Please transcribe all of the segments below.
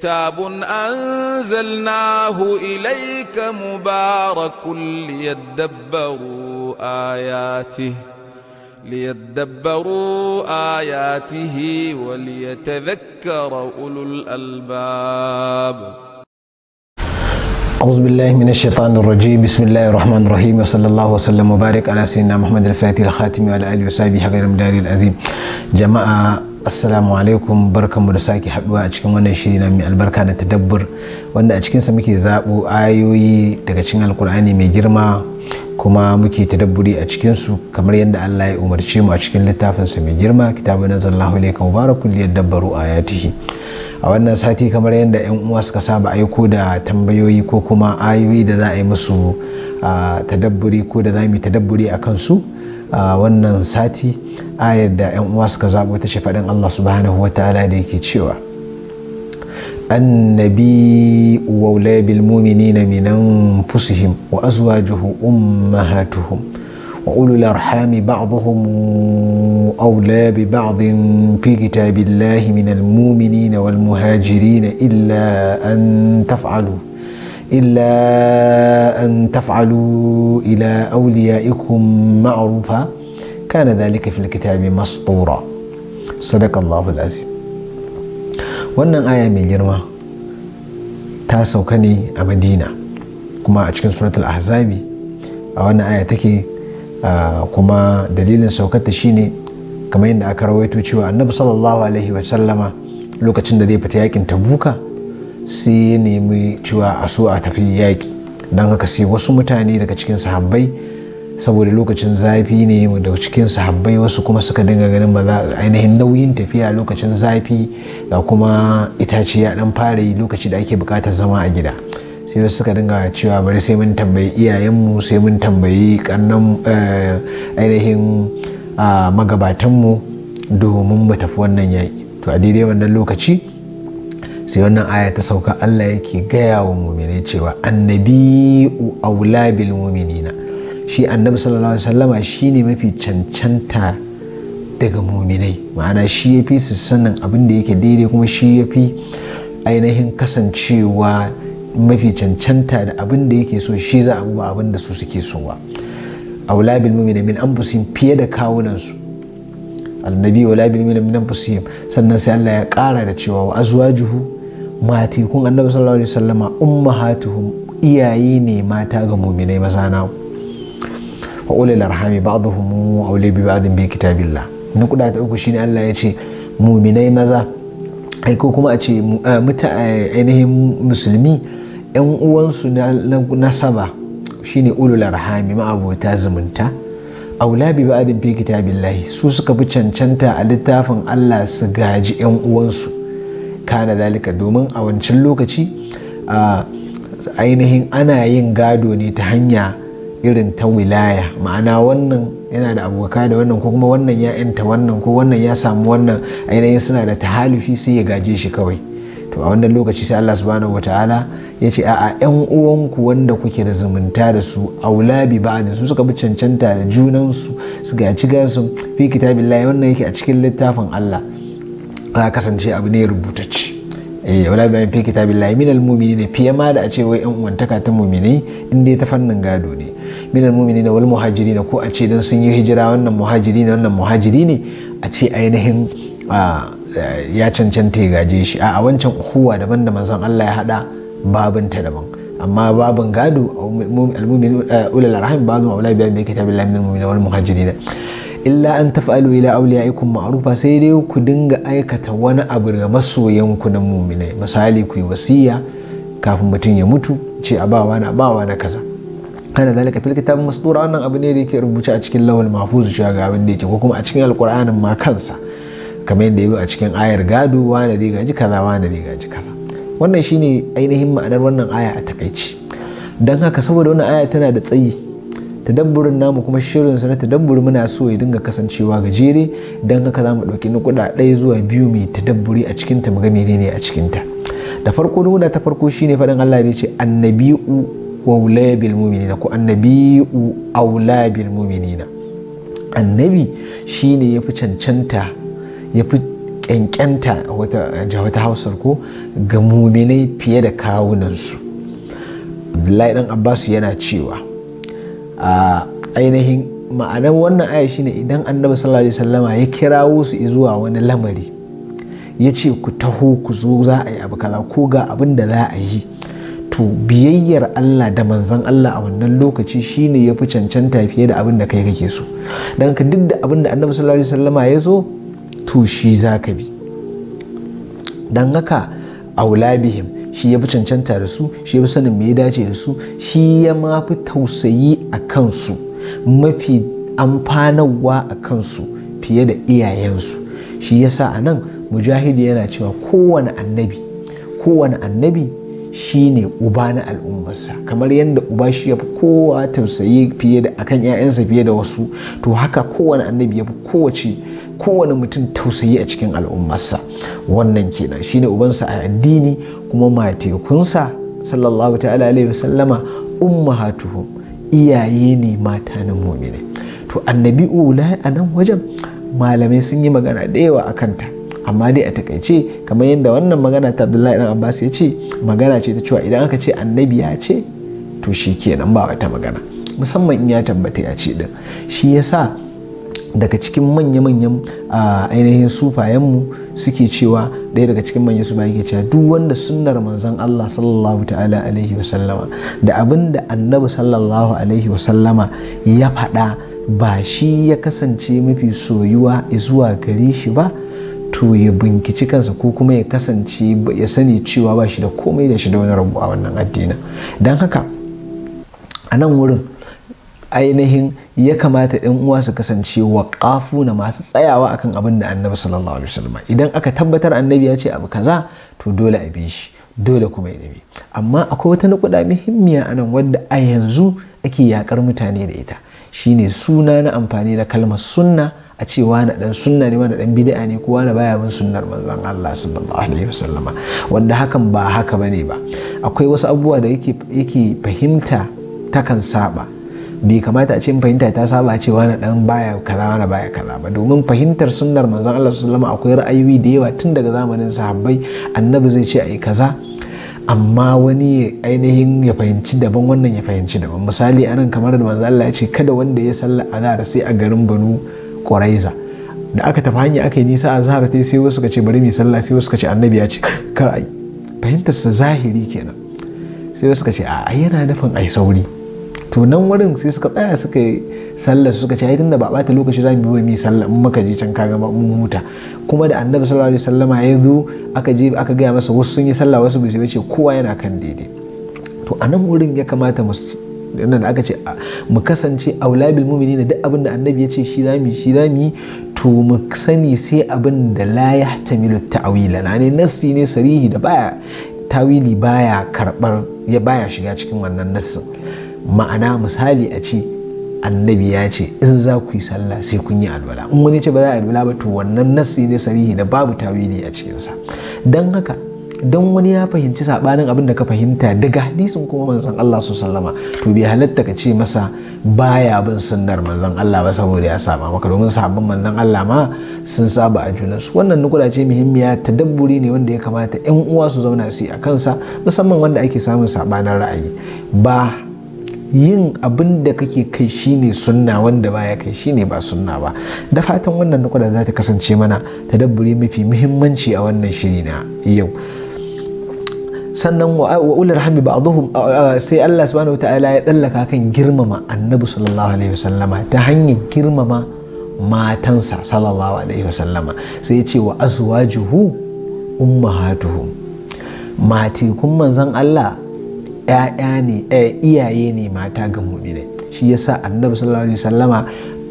كتاب أنزلناه إليك مبارك ليدبروا آياته ليدبروا آياته وليتذكر أولو الألباب أعوذ بالله من الشيطان الرجيم بسم الله الرحمن الرحيم وصلى الله وسلم وبارك على سيدنا محمد الفاتح الخاتم وعلى آله وصحبه حق الأمدار العظيم جماعة assalamu alaikum barkanmu da sake haduwa a cikin wannan shiri na mai albarka da tadabbur wanda a cikinsa muke zaɓo ayoyi daga cikin alkur'ani mai girma kuma muke tadabburi a cikinsu kamar yadda allah ya umarce mu a cikin littafinsa mai girma kitabu na zallahu mu mubarakul yadabbaru ayatihi a wannan sati kamar yadda yan uwa suka saba aiko da tambayoyi ko kuma ayoyi da za a yi musu ah, tadabburi ko da za mu yi tadabburi a kansu a wannan sati ayar da 'yan uwa suka zaɓo ta faɗin Allah subhanahu wa ta'ala da yake cewa annabi waula bil na minan anfusihim wa azwajuhu ummahatuhum wa ulul arhami ba'dhuhum awla bi ba'dhin fi kitabillahi min muminina wal muhajirina illa an taf'alu إلا أن تفعلوا إلى أوليائكم معروفا كان ذلك في الكتاب مسطورا صدق الله العظيم wannan aya mai girma ta sauka ne a madina kuma a cikin suratul ahzabi a wannan aya take kuma dalilin saukarta shine kamar yadda aka rawaito cewa annabi sallallahu alaihi wa sallama lokacin da zai fita yakin tabuka sai ya nemi cewa a so a tafi yaƙi don haka sai wasu mutane daga cikin sahabbai saboda lokacin zafi ne daga cikin sahabbai wasu kuma suka dinga ganin ba za ainihin nauyin tafiya lokacin zafi ga kuma itace ya dan fara yi lokaci da ake bukatar zama a gida sai wasu suka dinga cewa bari sai mun tambayi iyayenmu sai mun tambayi kannan eh, ainihin ah, magabatanmu domin mu tafi wannan yaƙi to a daidai wannan lokaci sai wannan aya ta sauka Allah yake gaya wa muminai cewa annabi'u aula bil muminina shi annabi sallallahu alaihi wasallama shine mafi cancanta daga muminai ma'ana shi yafi fi su sanin abin da yake daidai kuma shi yafi ainihin kasancewa mafi cancanta da abin da yake so shi za a ba abin da su suke so ba aula bil muminai min anfusihim fiye da kawunansu annabi wala bil muminai min anfusihim sannan sai Allah ya kara da cewa wa azwajuhu (Mati, kun annabi sallallahu alaihi wasallama ummahatuhum iyaye ne mata ga muminai maza na wa ulil arhami ba'dhum awli bi ba'd bi kitabillah kuda ta uku shine Allah ya ce muminai maza ko kuma a ce eh, eh, ainihin musulmi yan uwansu na saba shine ulul arhami ma'abota zumunta aula bi ba'dhin fi kitabillahi su suka fi cancanta a littafin Allah su gaji yan uwansu kana dalika domin a wancan lokaci ainihin ana yin gado ne ta hanya irin ta wilaya ma'ana wannan yana da aboka da wannan ko kuma wannan ya yanta wannan ko wannan ya samu wannan ainihin suna da tahalufi sai ya gaje shi kawai to a wannan lokaci sai Allah subhanahu wataala ya ce a'a yan uwanku wanda kuke da zumunta da su aula bi ba'din su suka bi cancanta da junan su su ga ci gasu fi kitabillahi wannan yake a cikin littafin Allah ya kasance abu ne rubutacce eh wala bayan fi kitabillahi minal mu'minina fiye ma da a ce wai yan uwantaka ta mu'minai in dai ta fannin gado ne minal mu'minina wal muhajirina ko a ce dan sun yi hijira wannan muhajiri ne wannan muhajiri ne a ce ainihin ya cancanta ya gaje shi a wancan uhuwa daban da manzon Allah ya hada ta daban amma babin gado eh, ulul arham bazu aula biya bi kitabillahi minal mu'minina wal muhajirina illa an taf'alu ila awliyaikum ma'rufa sai dai ku dinga aikata wani abu ga masoyanku na muminai misali ku yi wasiya kafin mutum ya mutu ce a bawa na bawa na kaza kana zalika fil kitabin masdura wannan abu ne da yake rubuce a cikin lawal mahfuz cewa ga abin da yake ko kuma a cikin alqur'anin ma kansa kamar yadda yi a cikin ayar gado wani da gaji kaza wani da gaji kaza wannan shine ainihin ma'anar wannan aya a takaici don haka saboda wannan aya tana da tsayi tadabburin namu kuma shirin sa na tadabburi muna so ya dinga kasancewa gajere don haka za mu ɗauki na kuɗa zuwa biyu mai tadabburi a cikinta ta mu ga menene a cikin ta da farko nuna ta farko shine faɗin Allah ne ce annabi'u wa ulabil mu'minina ko annabi'u aulabil mu'minina annabi shine yafi cancanta yafi kyankyanta wata wata hausar ko ga muminai fiye da kawunansu abdullahi dan abbas yana cewa a ainihin ma'anar wannan aya shine idan annabi sallallahu alaihi wasallama ya kirawo su zuwa wani lamari ya ce ku taho ku zo za a yi abu kaza ko ga abin da za a yi to biyayyar Allah da manzon Allah a wannan lokaci shine ya fi cancanta fiye da abin da kai kake so don ka duk da abin da annabi sallallahu alaihi wasallama ya zo to shi za ka bi don haka aula bihim shi ya fi cancanta da su shi ya fi sanin me ya dace da su shi ya ma fi tausayi a kansu mafi amfanawa a kansu fiye da iyayensu shi ya sa a nan mujahidi yana cewa kowane annabi kowane annabi shi ne uba na al'ummarsa kamar yadda uba shi ya fi kowa tausayi fiye da akan 'ya'yansa fiye da wasu to haka kowane annabi ya fi kowace kowane mutum tausayi a cikin al'ummarsa wannan kenan shine ubansa a addini kuma matekunsa sallallahu ta'ala alaihi wasallama ummahatuhum iyaye ne mata na mu'mini to annabi ula a nan wajen malamai sun yi magana da yawa a kanta amma dai a takaice kamar yadda wannan magana ta abdullahi dan abbas ya ce magana ce ta cewa idan aka ce annabi ya ce to shi kenan ba wata magana musamman in ya tabbata ya ce din shi yasa daga cikin manya-manyan ainihin sufayenmu suke cewa ɗaya daga cikin manyan sufaye ke cewa duk wanda sunnar manzon Allah sallallahu ta'ala alaihi wasallama da abin da annabi sallallahu alaihi wasallama ya faɗa ba shi ya kasance mafi soyuwa zuwa gari shi ba to ya binkici kansa ko kuma ya kasance ya sani cewa ba shi da komai da shi da wani rabu a wannan addinin don haka a nan wurin ainihin ya kamata ɗan uwa su kasance waƙafu na masu tsayawa akan abin da annabi sallallahu alaihi wasallam idan aka tabbatar annabi ya ce abu kaza to dole a bi shi dole kuma ya bi amma akwai wata nukuda muhimmiya anan wadda a yanzu ake yakar mutane da ita shine suna na amfani da kalmar sunna a ce na dan sunna ne wani dan bid'a ne ko na baya bin sunnar manzon Allah sallallahu alaihi wasallama wanda hakan ba haka bane ba akwai wasu abubuwa da yake yake fahimta takan saba bai kamata a ce fahimta ta saba cewa na dan baya kaza wani baya kaza ba domin fahimtar sunnar manzon Allah sallallahu akwai ra'ayoyi da yawa tun daga zamanin sahabbai annabi zai ce ayi kaza amma wani ainihin ya fahimci daban wannan ya fahimci daban misali anan kamar da manzon Allah ya ce kada wanda ya salla azhar sai a garin Banu Quraiza da aka tafi hanya aka yi nisa azhar sai wasu ka ce bari mu sallah sai wasu ka ce annabi ya ce kar ai fahimtar sa zahiri kenan sai wasu ka ce a yana nufin ai sauri to nan wurin sai suka tsaya suka yi sallar suka ce ai tunda ba bata lokaci za mu yi mu sallar in muka je can ka ga mun huta kuma da annabi sallallahu alaihi wasallama ya zo aka je aka gaya masa wasu sun yi sallah wasu bai ce kowa yana kan daidai to a nan wurin ya kamata mu nan da aka ce mu kasance aulabil mu'minina duk abin da annabi ya ce shi mu shi mu to mu sani sai abin da la yahtamilu ta'wila na ne nassi ne sarihi da baya tawili baya karbar ya baya shiga cikin wannan nassin ma'ana misali a ce annabi ya ce in za ku yi sallah sai kun yi alwala in wani ce ba za a alwala ba to wannan nassi ne sarihi da babu tawili a cikinsa don haka don wani ya fahimci sabanin abin da ka fahimta daga hadisin kuma manzon Allah su sallama to bai halatta ka ce masa baya bin sunnar manzon Allah ba saboda ya saba maka domin sabon manzon Allah ma sun saba a junansu wannan nukula ce muhimmiya dabburi ne wanda ya kamata yan uwa su zauna su yi a kansa musamman wanda ake samun sabanin ra'ayi ba yin abin da kake kai shine sunna wanda baya kai shine ba sunna ba da fatan wannan nukuda za ta kasance mana ta tadabburi mafi muhimmanci a wannan shiri na yau sannan wa ular hami ba sai Allah subhanahu wa ta'ala ya dallaka kan girmama annabi sallallahu alaihi wasallama ta hanyar girmama matansa sallallahu alaihi wasallama sai ya ce wa azwajuhu ummahatuhum mati kun manzon Allah 'ya'ya ne eh, iyaye ne mata ga muminai shi yasa annabi sallallahu alaihi wasallama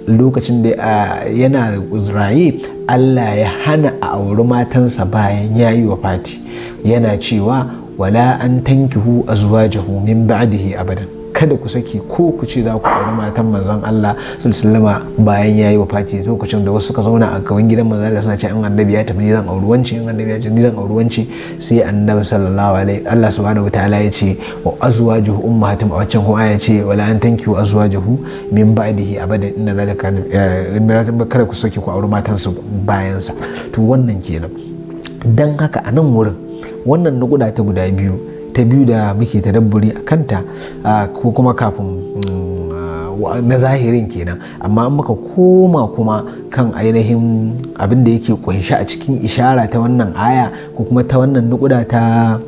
lokacin da yana raye Allah ya hana a auri matansa bayan ya yi wa fati yana cewa wala an tankihu azwajahu min ba'dihi abadan kada ku saki ko ku ce za ku aure matan manzon Allah sallama bayan ya yayi wafati lokacin da wasu suka zauna a gaban gidan manzon Allah suna ce an annabi ya tafi ni zan auri wanci an annabi ya tafi zan auri wanci sai annabi sallallahu alaihi Allah subhanahu wataala ya ce wa azwajuhu ummahatum a wancan kuma ya ce wala an tanki wa azwajuhu min ba'dihi abadan eh, inna zalika kada ku saki ku auri matan su bayan sa to wannan kenan dan haka a nan wurin wannan na guda ta guda biyu ta biyu da muke ta tadabburi a kanta ko kuma kafin mm, na zahirin kenan amma an muka koma kuma kan ainihin abin da yake kunshi a cikin ishara ta wannan aya ko kuma ta wannan nukuda ta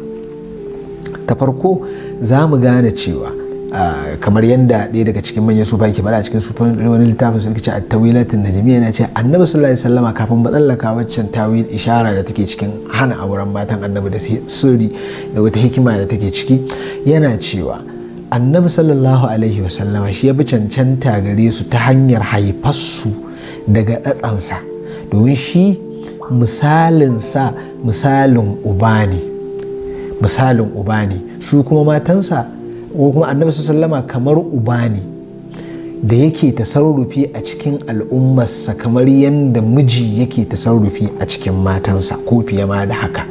farko za mu gane cewa Ah, kamar yadda ɗaya daga cikin manyan sufa yake bada cikin sufan wani littafin sun ce a tawilatin jami'a yana ce annabi sallallahu alaihi wasallama kafin waccan tawil ishara da take cikin hana auren matan annabi da sirri da wata hikima da take ciki yana cewa annabi sallallahu alaihi wasallama shi ya bi cancanta gare su ta hanyar haifarsu daga tsatsansa domin shi misalin sa ne misalin uba ne su kuma matansa ko kuma annabi sallama kamar uba ne da yake tasarrufi a cikin al'ummarsa kamar yadda miji yake tasarrufi a cikin matansa ko fiye ma da haka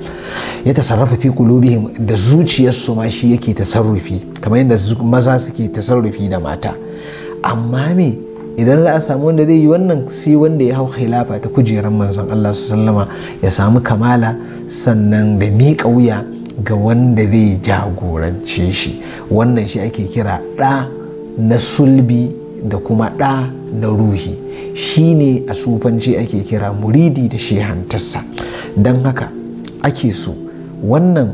ya sarrafa fi kulubihim da zuciyarsu ma shi yake tasarrufi kamar yadda maza suke tasarrufi da mata amma me idan za a samu wanda zai yi wannan sai wanda ya hau khilafa ta kujerar manzon Allah su sallama ya samu kamala sannan da miƙa wuya ga wanda zai jagorance shi wannan shi ake kira ɗa na sulbi da kuma ɗa na ruhi shi ne a sufanci ake kira muridi da shehantarsa don haka ake so wannan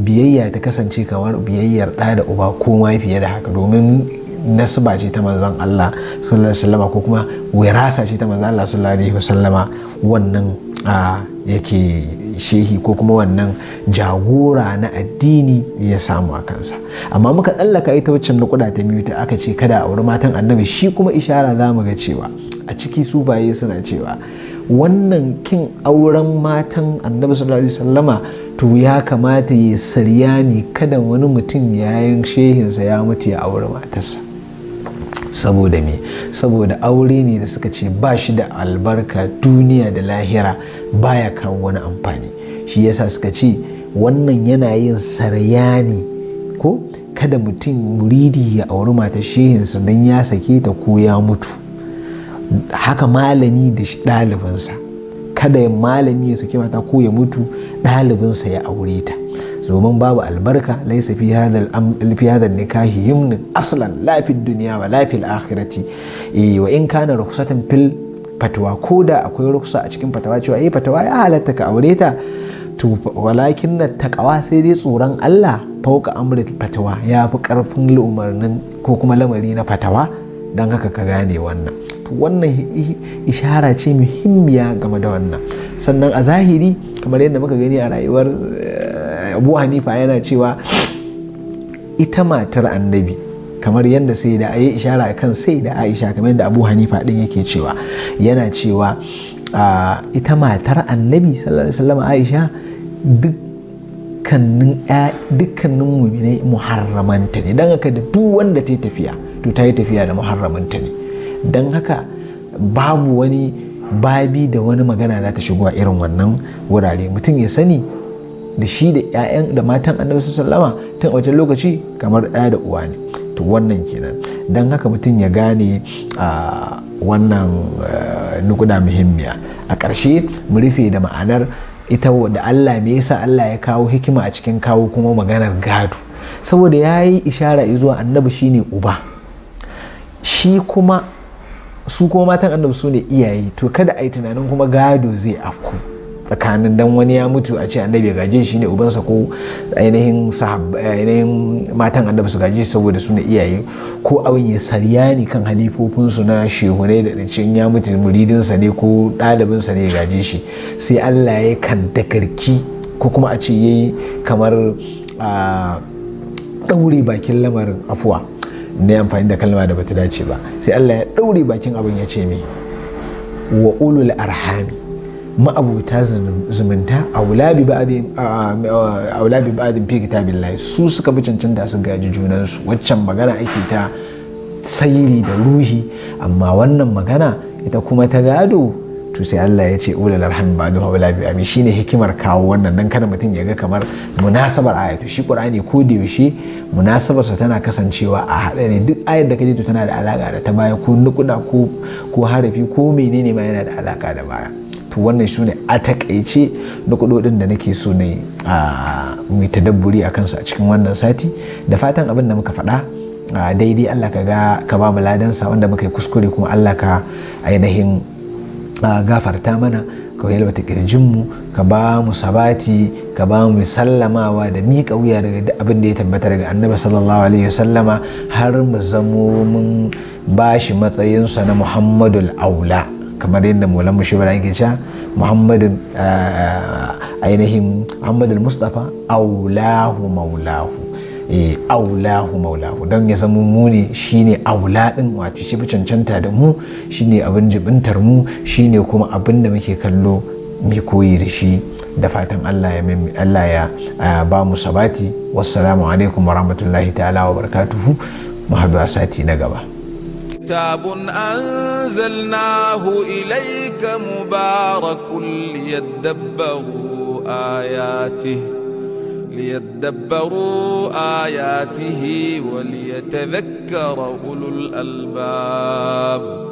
biyayya ta kasance kamar biyayyar ɗa da uba ko ma fiye da haka domin nasiba ce ta manzon Allah sallallahu alaihi wasallama ko kuma wirasa ce ta manzon Allah sallallahu alaihi wasallama wannan ah, yake shehi ko kuma wannan jagora na addini ya samu a kansa amma muka tsallaka ita waccan na kuda ta biyu aka ce kada a auri matan annabi shi kuma ishara za mu ga cewa a ciki su baye suna cewa wannan kin auren matan annabi sallallahu alaihi wasallama to ya kamata ya sarya ne kada wani mutum yayin shehinsa ya mutu ya auri matarsa saboda me saboda aure ne da suka ce ba shi da albarka duniya da lahira baya kawo wani amfani shi yasa suka ce wannan yana yin saryani ko kada mutum muridi ya auri matar shehinsa don ya sake ta ko ya mutu haka malami da ɗalibinsa kada malami ya sake mata ko ya mutu ɗalibinsa ya aure ta domin babu albarka laisa fi hada nikahi yumnin aslan lafi duniya wa la akhirati eh wa in kana rukusatin fil fatawa ko da akwai ruksa a cikin fatawa cewa eh fatawa ya halatta ka aure ta to walakin na takawa sai dai tsoron Allah fauka amrit fatawa ya fi karfin umarnin ko kuma lamari na fatawa don haka ka gane wannan to wannan ishara ce muhimmiya game da wannan sannan a zahiri kamar yadda muka gani a rayuwar eh, abu hanifa yana cewa ita matar annabi kamar yadda sai da ayi ishara a kan sai da aisha kamar yadda abu hanifa din yake cewa yana cewa ah, ita matar annabi sallallahu aisha dukkanin dukkanin muminai muharramanta ne don haka da duk wanda ta yi tafiya to ta yi tafiya da muharramanta ne don haka babu wani babi da wani magana za ta shigo a irin wannan wurare mutum ya sani da shi da 'ya'yan da matan annabi sallama tun a wajen lokaci kamar ɗaya da uwa ne to wannan kenan don haka mutum ya gane a wannan eh, nukuda muhimmiya a ƙarshe mu rufe da ma'anar ita da Allah me yasa Allah ya kawo hikima a cikin kawo kuma maganar gado saboda ya yi ishara zuwa annabi ne uba shi kuma su kuma matan annabi su ne iyaye to kada a yi tunanin kuma gado zai afku tsakanin dan wani ya mutu a ce annabi ya gaje shi ne ubansa ko ainihin ainihin matan annabi su gaje saboda su ne iyaye ko abin ya sarya ne kan halifofinsu na shehunai da dacin ya mutu muridinsa ne ko ɗalibinsa ne ya gaje shi sai allah ya kan dakarki ko kuma a ce yayi kamar ɗaure bakin lamarin afuwa na amfani da kalma da bata dace ba sai allah ya ɗaure bakin abin ya ce mai wa ulul arhami ma'abuta zumunta a wulabi ba'adin fi kitabin lai su suka fi cancanta su gaji junansu waccan magana ake ta sayiri da ruhi amma wannan magana ita kuma ta gado to sai Allah ya ce ulal arham ba duha wala bi ami shine hikimar kawo wannan dan kada mutum ya ga kamar munasabar aya to shi Qur'ani ko da yaushe munasabarsa tana kasancewa a hada ne duk ayar da kaje to tana da alaka da ta baya ko nukuda ko ko harafi ko menene ma yana da alaka da baya to wannan shi ne a takaice da kudodin da nake so ne yi a mai tadabburi a kansu a cikin wannan sati da fatan abin da muka faɗa daidai Allah ka ga ka ba mu ladansa wanda muka yi kuskure kuma Allah ka ainihin gafarta mana ka yi kirjin mu ka ba mu sabati ka ba mu sallamawa da miƙa wuya daga abin da ya tabbata daga annabi sallallahu alaihi wasallama har mu zamo mun bashi matsayinsa na muhammadul aula kamar yadda mulan mu shibra yake cewa muhammadin eh, eh, ainihin muhammadul mustapha aulahu maulahu eh, aulahu maulahu don ya zama mu ne shine aula din wato shi cancanta da mu shi ne abin jibintar mu shine kuma abin da muke kallo mu koyi da shi da fatan Allah ya Allah ya ba mu sabati wassalamu alaikum warahmatullahi ta'ala wa barakatuhu mu haɗu a sati na gaba كتاب أنزلناه إليك مبارك ليدبروا آياته ليدبروا آياته وليتذكر أولو الألباب